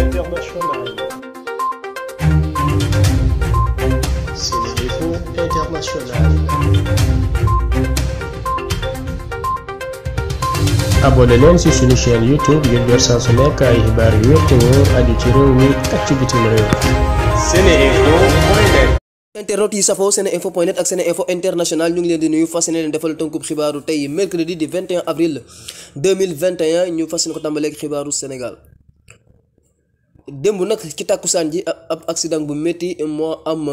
internationale. Scénario international. si leen ci suñu chaîne YouTube ngir jot saa su nekk ay xibaar yu wér te wóor ci réew mi ak ci réew. Seneinfo.net internet ñu ngi leen di nuyu fas yéene leen defal tënkub xibaaru tey mercredi di 21 avril 2021 ñu fas yéene ko tàmbaleeg xibaaru Sénégal. démb nag ci tàkkusaan ji ab accident bu métti moo am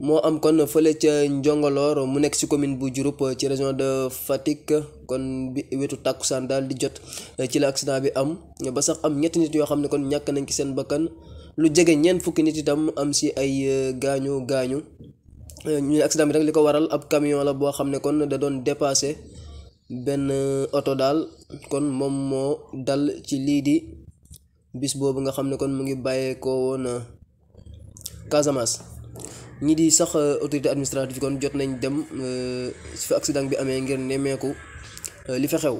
moo am kon fële ca Njongoloor mu nekk ci commune bu Diouroup ci région de Fatick kon bi wetu tàkkusaan daal di jot ci la accident bi am ba sax am ñetti nit yoo xam ne kon ñàkk nañ ci seen bakkan lu jege ñeent fukki nit itam am si ay gaañu gaañu ñu ne accident bi rek li ko waral ab camion la boo xam ne kon da doon dépassé benn oto daal kon moom moo dal ci lii di. bis boobu nga xam ne kon mu ngi bàyyeekoo woon euh, Casamance ñi di sax euh, autorité administrative kon jot nañ dem euh, fi accident bi amee ngir nemmeeku li fa xew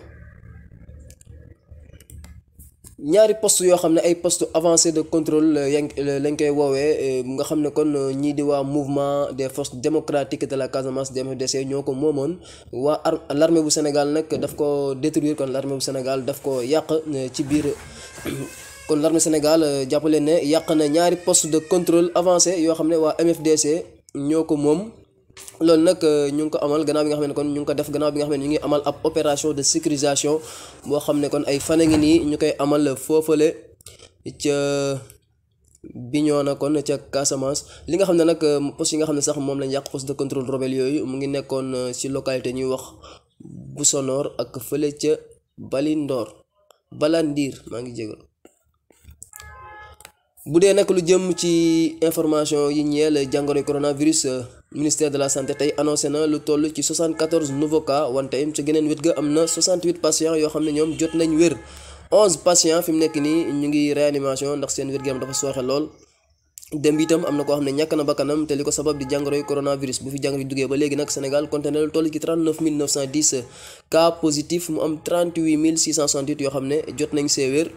ñaari poste yoo xam ne ay post avancé de contrôle lañ koy woowee nga xam ne kon ñii di waa mouvement des forces démocratiques de la Casamance MFDC ñoo ko moomoon waa l'armée bu Sénégal nag daf ko détruire kon l'armée bu Sénégal daf ko yàq ci biir kon l'armée Sénégal euh, jàpp leen ne yàq na ñaari poste de contrôle avancé yoo xam ne waa MFDC ñoo ko moom loolu nag euh, ñu ngi ko amal gannaaw bi nga xam ne kon ñu ngi ko def gannaaw bi xam ne ngi amal ab opération de sécurisation boo xam ne kon ay fan ngi nii ñu koy amal foofale ca Bignona kon ca Casamance li nga xam ne nag euh, poste yi nga xam ne sax moom lañ yàq poste de contrôle rebelle yooyu mu ngi nekkoon ci localité ñuy wax Boussonor ak fële ca Balindor Balandir maa ngi jégal bu dee nag lu jëmm ci information yi ñeel jàngoro coronavirus ministère de la santé tey annoncé na lu toll ci 74 nouveaux cas wante im ci geneen wet ga am na 68 yoo xam ne ñoom jot nañ wér 11 patients nekk nii ñu ngi réanimation ndax seen wér gi am dafa sooxe lool dem itam am na koo xam ne ñàkk na bakkanam te li ko sabab di jàngoroy coronavirus bu fi jàngoro yi duggee ba léegi nag Sénégal compté na lu toll ci 39 910 cas positifs mu am 38 668 yoo xam ne jot nañ see wér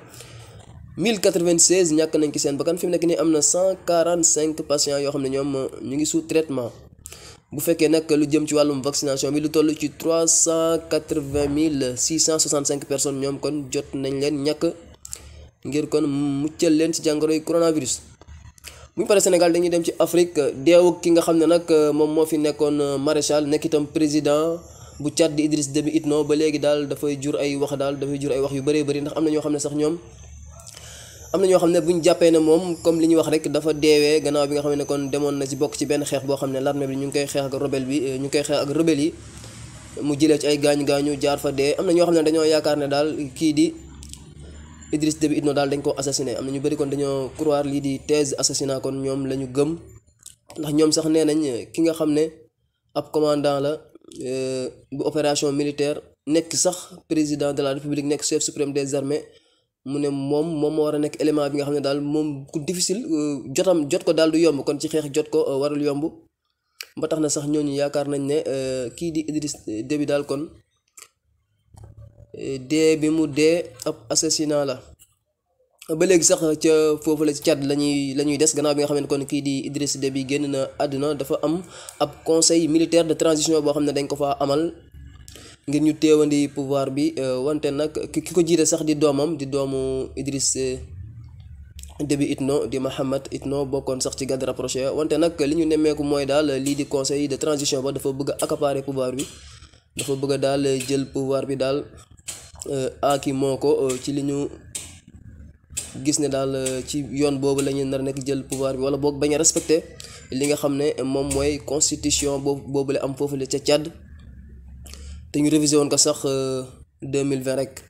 1096 ñàkk nañ ci seen bakkan fi mu nekk nii am na 145 patients yoo xam ne ñoom ñu ngi sous traitement bu fekkee nag lu jëm ci wàllum vaccination bi lu toll ci 380 665 personnes ñoom kon jot nañ leen ñàkk ngir kon muccal leen ci jàngoro jàngoroy coronavirus. bu ñu paree Sénégal dañuy dem ci Afrique deewu ki nga xam ne nag moom moo fi nekkoon maréchal nekk itam président. bu Tchad di Idriss Déby Itno ba léegi daal dafay jur ay wax daal dafay jur ay wax yu bëree bëri ndax am na ñoo xam ne sax ñoom am na ñoo xam ne bu ñu jàppee ne moom comme li ñu wax rek dafa deewee gannaaw bi nga xam ne kon demoon na ci bokk ci benn xeex boo xam ne l'armée bi ñu ngi koy xeex ak rebelle bi ñu ngi koy xeex ak rebelle yi mu jëlee ci ay gaañu gaañu jaar fa dee am na xam ne dañoo yaakaar ne daal kii di Idriss Déby Itno daal dañ koo assassiné am na ñu bëri kon dañoo croire lii di thèse assassinat kon ñoom la ñu gëm ndax ñoom sax nee nañ ki nga xam ne ab commandant la euh, bu opération militaire nekk sax président de la république nekk chef suprême des armées mu ne moom moom moo war a nekk élément bi nga xam ne daal moom ku difficile euh, jotam jot ko daal du yomb kon ci xeex jot ko euh, warul yomb ba tax na sax ñooñu yaakaar nañ ne euh, kii di Idriss Déby daal kon dee bi mu dee ab assassinat la ba léegi sax ca foofu la la ñuy la ñuy des gannaaw bi nga xam ne kon kii di Idriss Déby génn na àdduna dafa am ab conseil militaire de transition boo xam ne dañ ko fa amal ngir ñu téewandi pouvoir bi euh, wante nag ki ko jiite sax di doomam di doomu Idriss euh, Déby Itno di it noo bokkoon sax ci garde rapproché wante nag li ñu nemmeeku mooy daal lii di conseil de transition ba dafa bëgg a accaparer pouvoir bi dafa bëgg daal jël pouvoir bi daal euh, aaki moo ko ci li ñu gis ne daal ci yoon boobu la ñu nar nekk jël pouvoir bi wala boog bañ a respecté li nga xam ne moom mooy constitution boobu la am foofu la ca Tchad te ñu révisé woon ko sax 2020 euh, rek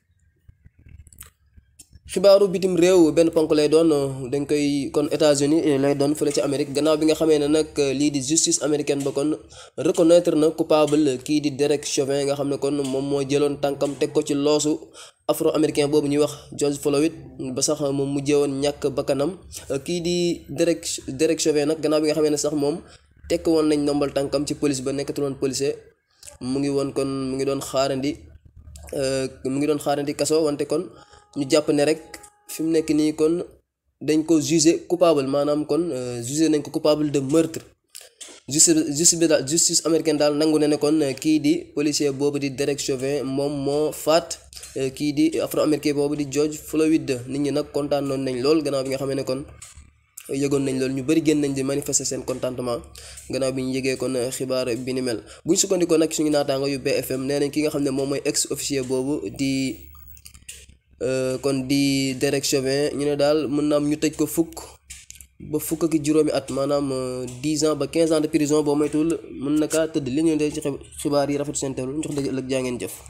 xibaaru bitim réew benn ponk lay doon euh, dañ koy kon États-Unis lay doon fële ci Amérique gannaaw bi nga xamee ne nag euh, lii di justice américaine ba kon reconnaître na coupable kii di Derek Chauvin nga xam ne kon moom moo jëloon tànkam teg ko ci loosu afro américain boobu ñuy wax George Floyd ba sax moom mujjee woon ñàkk bakkanam kii di Derek Derek Chauvin nag gannaaw bi nga xamee na sax moom tekk woon nañ ndombal tànkam ci police ba nekkatul woon policier mu ngi woon kon mu ngi doon xaarandi euh, mu ngi doon xaarandi kaso wante kon ñu jàpp ne rek fi mu nekk nii kon dañ ko jugé coupable maanaam kon euh, jugé nañ ko coupable de meurtre justice justice bi daal justice américaine daal nangu na ne kon euh, kii di policier boobu di Derek Chauvin moom moo faat kii di afro américain boobu di George Floyd nit ñi nag kontaan noonu nañ lool gannaaw bi nga xam ne kon. yëgoon nañ loolu ñu bëri génn nañ di manifester seen contentement gannaaw bi ñu yëgee kon euh, xibaar bi ni mel buñ sukkandikoo nag suñu naataango yu BFM nee nañ ki nga xam ne moom mooy ex officier boobu di euh, kon di Derek Chauvin ñu ne daal mën na am ñu teg ko fukk ba fukk ak juróomi at maanaam 10 euh, ans ba 15 ans de prison boo moytuwul mën na kaa tëdd li ñu dee ci xibaar yi rafet seen teewlu ñu jox dëgg jaa ngeen jëf.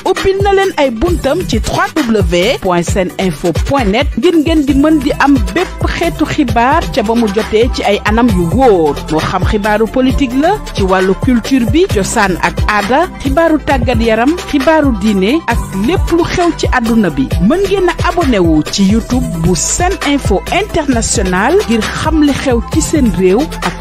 ubbil na leen ay buntam ci www.seninfo.net ngir ngeen di mën di am bépp xeetu xibaar ca ba mu jotee ci ay anam yu wóor moo xam xibaaru politique la ci wàllu culture bi josaan ak aada xibaaru tàggat yaram xibaaru diine ak lépp lu xew ci àdduna bi mën ngeen a wu ci YouTube bu sen Info International ngir xam li xew ci seen réew ak